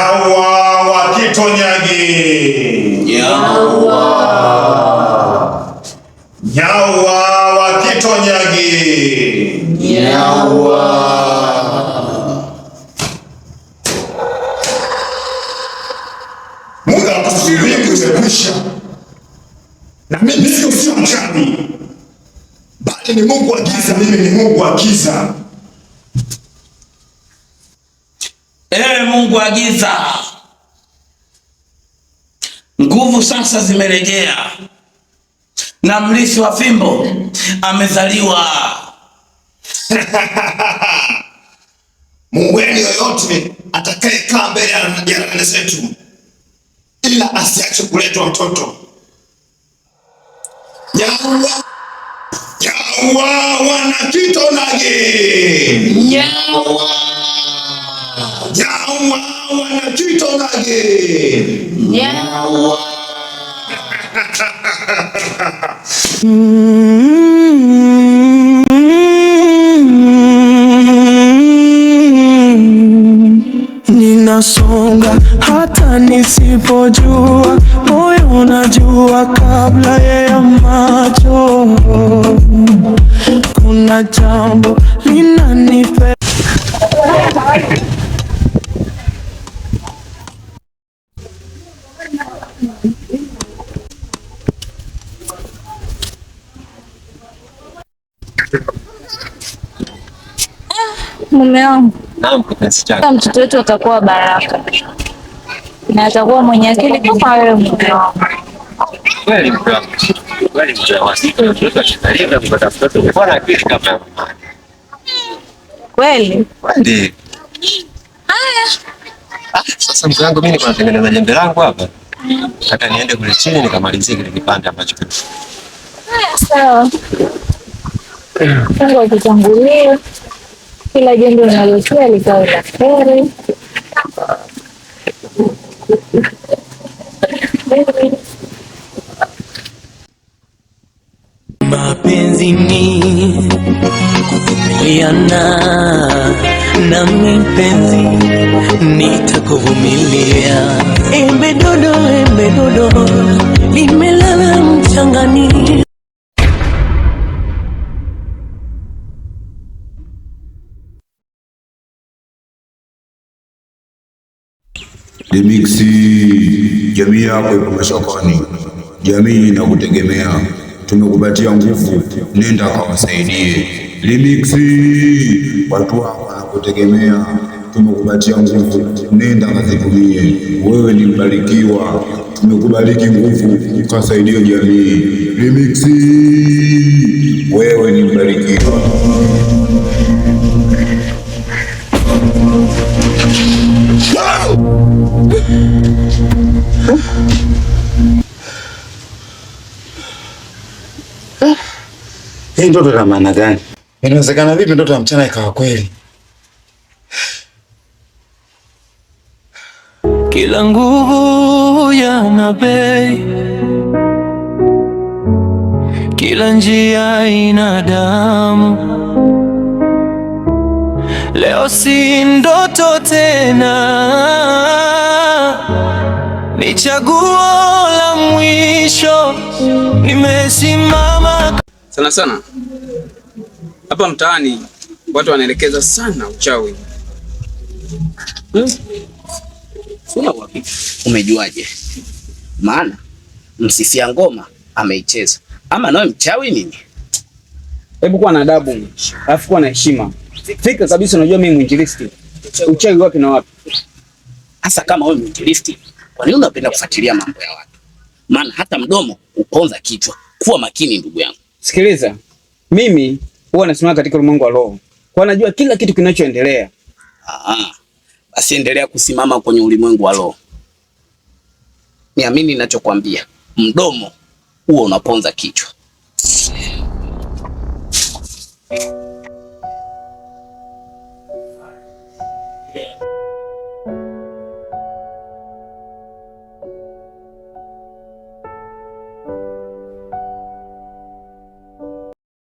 Yawa wakitonyagi Yawa Yawa wakitonyagi muda wakusubiria kuchepusha na mimi sio mchawi, bali ni Mungu wa giza. Mimi ni Mungu wa giza. Ewe Mungu wa giza, nguvu sasa zimerejea na mlisi wa fimbo amezaliwa. Muweni yoyote atakayekaa mbele ya jirani zetu, ila asiache kuletwa mtoto. Nyawa nyawa, kitonage Nyawa nyawa wanachitongage nyawa Ninasonga hata nisipojua, moyo unajua kabla ya macho, kuna jambo Mume wangu mtoto wetu atakuwa baraka na atakuwa mwenye akili kama wewe. Mume wangu kweli. Ah, sasa mke wangu, mimi natengeneza jembe langu hapa, nataka niende kule chini nikamalizie kile kipande ambacho. Sawa. Mungu akutangulie kila jambo linalotia likawe la heri. Mapenzi ni kuvumiliana na mpenzi, nitakuvumilia. Embe dodo, embe dodo limelala mchangani. Demiksi, jamii yako ipo mashakani, jamii inakutegemea, tumekupatia nguvu, nenda kawasaidie. Demiksi, watu wako wanakutegemea, tumekupatia nguvu, nenda kazitumie. Wewe ni mbarikiwa, tumekubariki nguvu, kasaidie jamii. Demiksi, wewe ni mbarikiwa. Hii ndoto ina maana gani? Inawezekana vipi ndoto ya mchana ikawa kweli? Kila nguvu yana bei, kila njia ina damu. Leo si ndoto tena, ni chaguo la mwisho. Nimesimama sana sana hapa mtaani watu wanaelekeza sana uchawi hmm? wapi? Umejuaje? Maana msifia ngoma ameicheza, ama nawe mchawi nini? Hebu kuwa na adabu, alafu kuwa na heshima, Fika kabisa. Unajua mimi mwinjilisti, uchawi wapi na wapi? Hasa kama wewe mwinjilisti, kwa nini unapenda kufuatilia mambo ya watu? Maana hata mdomo uponza kichwa. Kuwa makini ndugu yangu. Sikiliza, mimi huwa nasimama katika ulimwengu wa roho, kwa najua kila kitu kinachoendelea. Ah, ah. basi endelea kusimama kwenye ulimwengu wa roho. Niamini ninachokwambia, mdomo huo unaponza kichwa.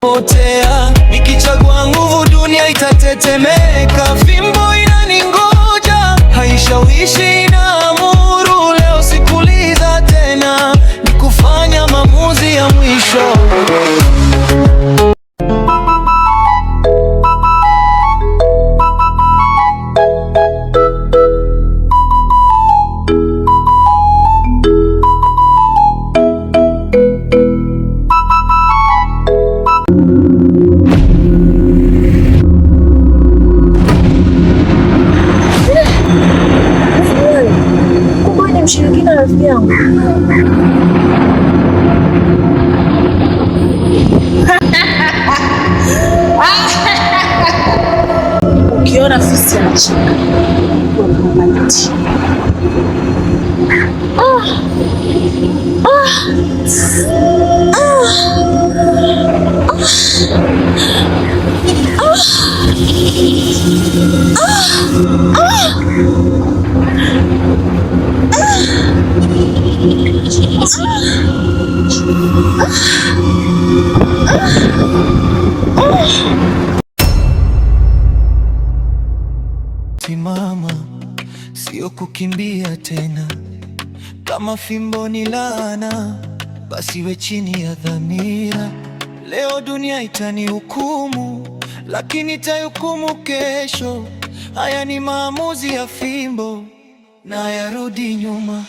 potea. Nikichagua nguvu, dunia itatetemeka. Fimbo inaningoja, haishawishi na avião. o que hora oficial, chica? Ah! Ah! Simama, sio kukimbia tena. Kama fimbo ni laana, basi we chini ya dhamira. Leo dunia itanihukumu, lakini itahukumu kesho. Haya ni maamuzi ya fimbo na yarudi nyuma.